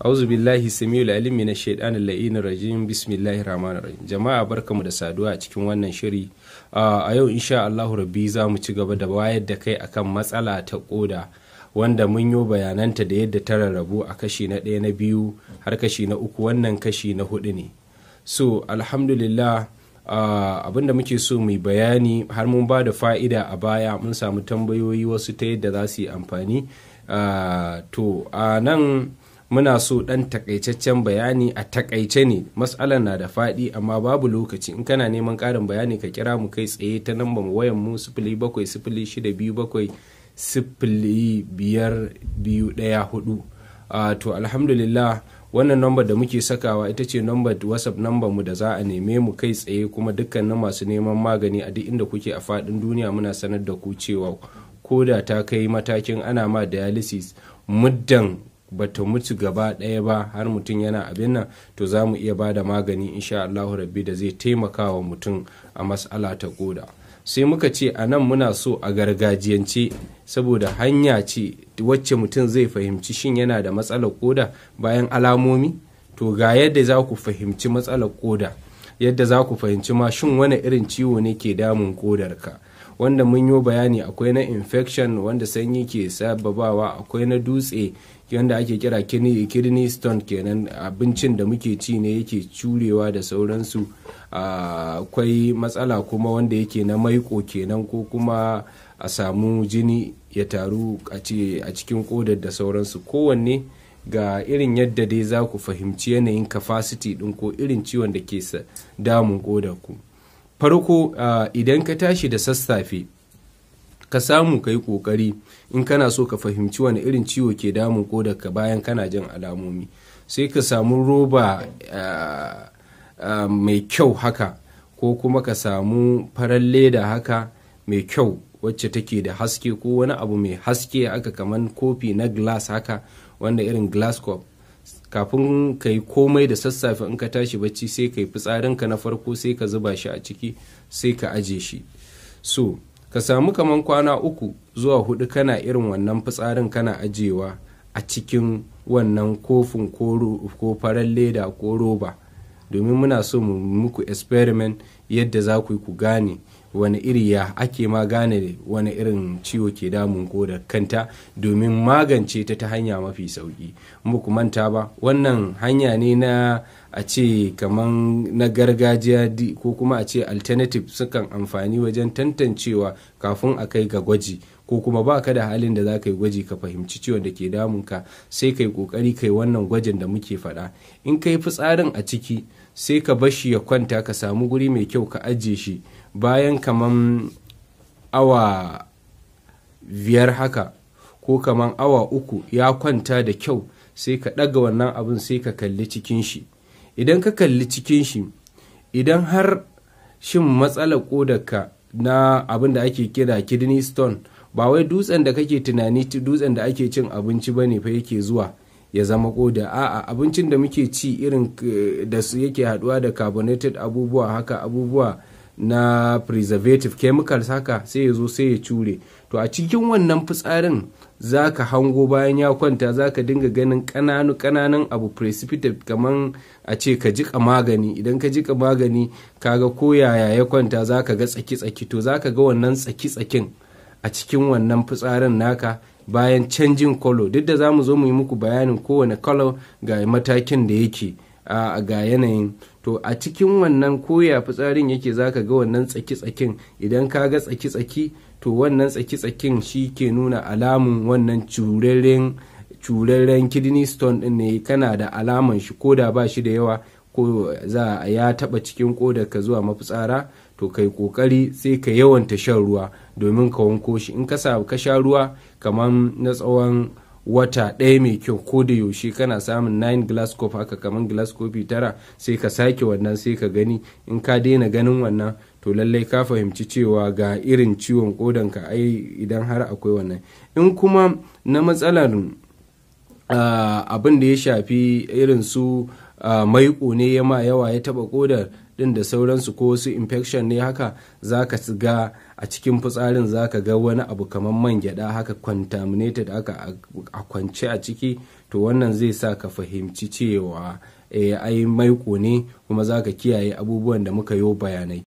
auzu billahi samiul alim min shaitanir la'inir rajim bismillahir rahmanir rahim jama'a barkamu da saduwa a cikin wannan shiri a yau insha Allahu rabbi za mu ci gaba da wayar da kai akan matsala ta koda wanda mun yi bayananta da yadda ta rarrabu a kashi na ɗaya na biyu har kashi na uku wannan kashi na hudu ne so alhamdulillah Uh, da muke so mu bayani har mun ba da fa'ida a baya mun samu tambayoyi wasu ta yadda za su yi amfani uh, to a uh, nan muna so ɗan takaitaccen bayani a takaice ne matsalar na da faɗi amma babu lokaci in kana neman ƙarin bayani ka kira mu kai tsaye ta lambar wayan mu sifili bakwai sifili shida biyu bakwai sifili biyar biyu ɗaya hudu to alhamdulillah wannan nambar da muke sakawa ita ce nambar whatsapp nambar mu da za a neme mu kai tsaye kuma dukkanin masu neman magani a duk inda kuke a faɗin duniya muna sanar da ku cewa ko da ta kai matakin ana ma dialysis muddan ba ta mutu gaba ɗaya ba har mutum yana abin nan to za mu iya ba da magani insha Allahu rabbi da zai taimaka wa mutum a mas'ala ta koda sai muka ce a nan muna so a gargajiyance saboda hanya ce wacce mutum zai fahimci shin yana da matsalar koda bayan alamomi to ga yadda za ku fahimci matsalar koda yadda za ku fahimci ma shin wani irin ciwo ne ke damun kodarka wanda mun yi bayani akwai na infection wanda sanyi ke sababawa akwai na dutse wanda ake kira kidney, kidney stone kenan abincin da muke ci ne yake curewa da sauransu akwai matsala kuma wanda yake na maiko kenan ko kuma a samu jini ya taru a cikin kodar da sauransu kowanne ga irin yadda dai za ku fahimci yanayin capacity ɗin ko irin ciwon da ke damun kodar ku. farko idan ka tashi da sassafe ka samu ka yi ƙoƙari in kana so ka fahimci wani irin ciwo ke damun ka bayan kana jin alamomi sai ka samu roba mai kyau haka ko kuma ka samu farar leda haka mai kyau wacce take da haske ko wani abu mai haske aka kaman kofi na glass haka wanda irin glass cup kafin ka yi komai da sassafe in ka tashi bacci sai ka yi fitsarinka na farko sai ka zuba shi a ciki sai ka aje shi so ka samu kaman kwana uku zuwa hudu kana irin wannan fitsarin kana ajiyewa a cikin wannan kofin ko farar leda ko roba domin muna so mu muku experiment yadda za ku yi ku gane wani iri ya ake ma gane wani irin ciwo ke damun ko da kanta domin magance ta ta hanya mafi sauki muku manta ba wannan hanya ne na a ce kaman na gargajiya ko kuma a ce alternative sukan amfani wajen tantancewa kafin a kai ga gwaji ko kuma ba ka da halin da za ka yi gwaji ka fahimci ciwon da ke damun ka sai ka yi kokari ka yi wannan gwajin da muke faɗa in ka yi fitsarin a ciki sai ka bashi ya kwanta ka samu guri mai kyau ka ajiye shi bayan kaman awa biyar haka ko kaman awa uku ya kwanta da kyau sai ka ɗaga wannan abin sai ka kalli cikin shi idan ka kalli cikin shi idan har shin matsalar kodarka na abin da ake kira kidney stone ba wai dutsen da kake tunani dutsen da ake cin abinci ba ne fa yake zuwa ya zama koda a'a abincin da muke ci irin eh, da su yake haduwa da carbonated abubuwa haka abubuwa na preservative chemicals haka sai ya zo sai ya cure to a cikin wannan fitsarin za ka hango bayan ya kwanta za ka dinga ganin kananu ƙananan abu precipitate kamar a ce ka jika magani idan ka jika magani kaga ko yaya ya kwanta za ka ga tsaki-tsaki to za ka ga wannan tsaki-tsakin a cikin wannan fitsarin naka bayan canjin kolo duk da za mu zo mu yi muku bayanin kowane kolo ga matakin da yake ga yanayin to a cikin wannan koya fitsarin yake zaka ga wannan tsaki-tsakin idan ka ga tsaki-tsaki to wannan tsaki-tsakin shi ke nuna alamun wannan cureren kidney stone ne kana da alaman shi ko da ba shi da yawa ko za ya taɓa cikin ka zuwa mafitsara to kai kokari sai ka yawanta shan ruwa domin ka wanko shi in ka sa ka sha ruwa kamar na tsawon wata ɗaya mai kyau ko da yaushe kana samun 9 glass haka kamar glass kofi tara sai ka sake wannan sai ka gani in ka daina ganin wannan to lallai ka fahimci cewa ga irin ciwon kodanka ai idan har akwai wannan in kuma na matsalar ah, abin da ya shafi irin su mai ne ya ma yawa ya taba kodar din da sauransu ko wasu infection ne haka za ka ga a cikin fitsarin za ka ga wani abu kamar man gyada haka contaminated haka a kwance a ciki to wannan zai sa ka fahimci cewa eh, ai maiko ne kuma za ka kiyaye abubuwan da muka yo bayanai